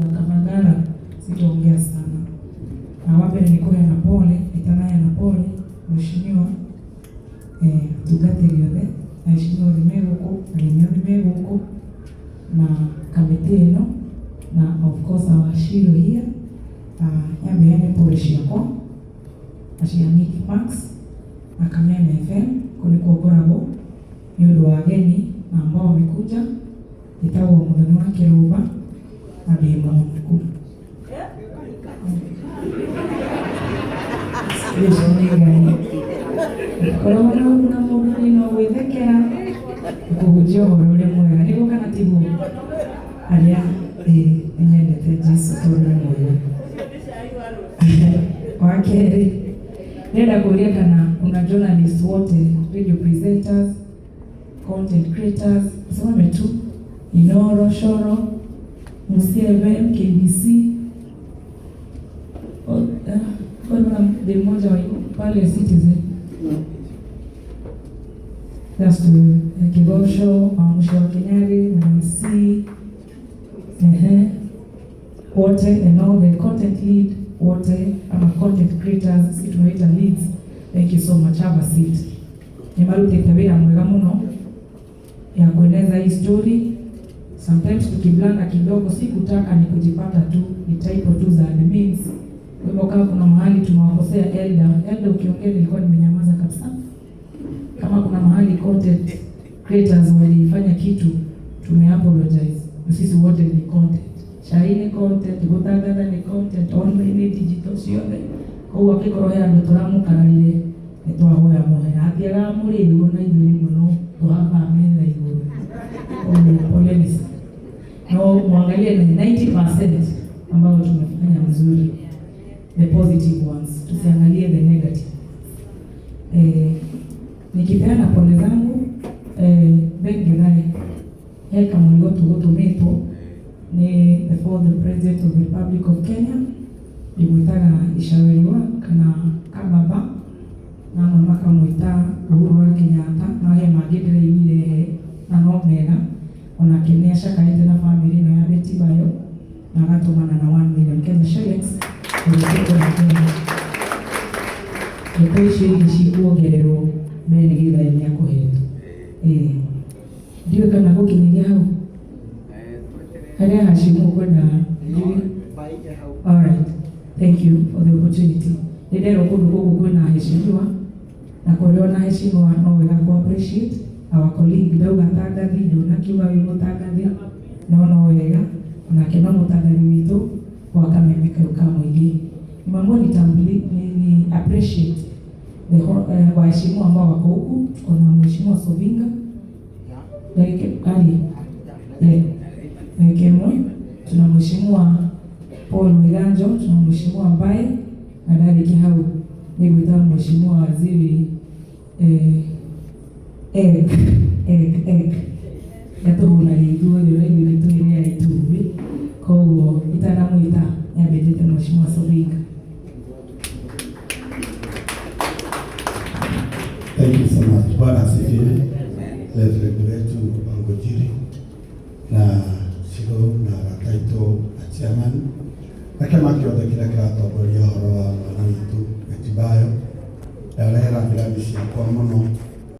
Kamangara sitaongea sana. Awape nilikuwa na pole, nitanaye na pole mheshimiwa eh tugatirione aheshimiwa limego huko alinyo limego huko na kamati eno na of course awashiro hiya uh, yameene pole ciakwa acia Max na Kameme FM kunikuo ngoragwo ni undu wa ageni na ambao wamekuja itagwo muthoni wa kirumba aliye Mungu. korwo na mundu ni no gwithekera kuhunjia uhoro uria mwega niguo kana tiguo aria nyendete Jesu tondu ni mwega wa keri nenda kuuria kana kuna journalists wote radio presenters content creators some tu inoro shoro MCRM, KBC mmoja pale Citizen Kibosho, Mwamusha wa Kinyari, Nansi, wote and all the content lead wote ama content creators si leads. Thank you so much have a seat. Nimarutete wira mwega muno ya kueneza hii story sometimes tukiblanda kidogo, si kutaka, ni kujipata tu, ni typo tu za admins. Kwa hivyo kama kuna mahali tumewakosea elder, elder ukiongea nilikuwa nimenyamaza kabisa. Kama kuna mahali content creators walifanya kitu, tumeapologize. Sisi wote ni content. Shaini content, Butagada ni content, online digital sione. Kwa hiyo hakika roho ya ndoto ramu kana ile nitwa hoya moya. Hatia muri ni mona na ile ndio tuhapa amenda hiyo. Pole ni au muangalie kwenye 90% ambayo tumefanya mzuri, the positive ones, tusiangalie the negative. Eh, nikipeana pole zangu eh, bengedhae hekamuligotugutumitwo ni the president of the Republic of Kenya ndimwitaga wa kana kababa namwe mwita Uhuru wa Kenyatta na mangĩ ndĩraiguire he eh, na no mega ona kenia shakaite na family na yabeti bayo na agatumana na 1 million na shillings kuliko na Kenya Niko icio ingĩ cikuongererwo me nĩgetha-inĩ akũhetwo ĩĩ eh. eh. ndiũĩ kana gũkinyĩria hau eh, harĩa hacimu ũkwenda alright thank you for the opportunity nĩ nderwo kũndũ gũkũ kwĩna heshimiwa na kũrĩ ona heshimiwa no wega kå our colleague ndauga tangathi ndunakiuga wi mutangathi no no wega onake no mutangathi witu wa kameme kau ka mwingi mamwe nitambuli ni appreciate the uh, waheshimu ambao wako huku kuna mheshimiwa Sovinga Daike Ali Daike eh, Moi tuna wa Paul miranjo tuna mheshimiwa ambaye na Daddy Kihau ni wa waziri eh, Eric, Eric, Eric. Gatũgũna gĩithuothe ũraigua mĩtũ ĩrĩa itumbĩ, koguo itanamwĩta nyambĩrĩte Mheshimiwa Sobika. Thank you so much. Bwana asifiwe. Let's celebrate Bangojiri na Shiro na Rakaito na chairman na kĩama kĩothe kĩrĩa kĩratongoria ũhoro wa mwana witũ Gatibayo. Ndarehera irathi ciakwa mũno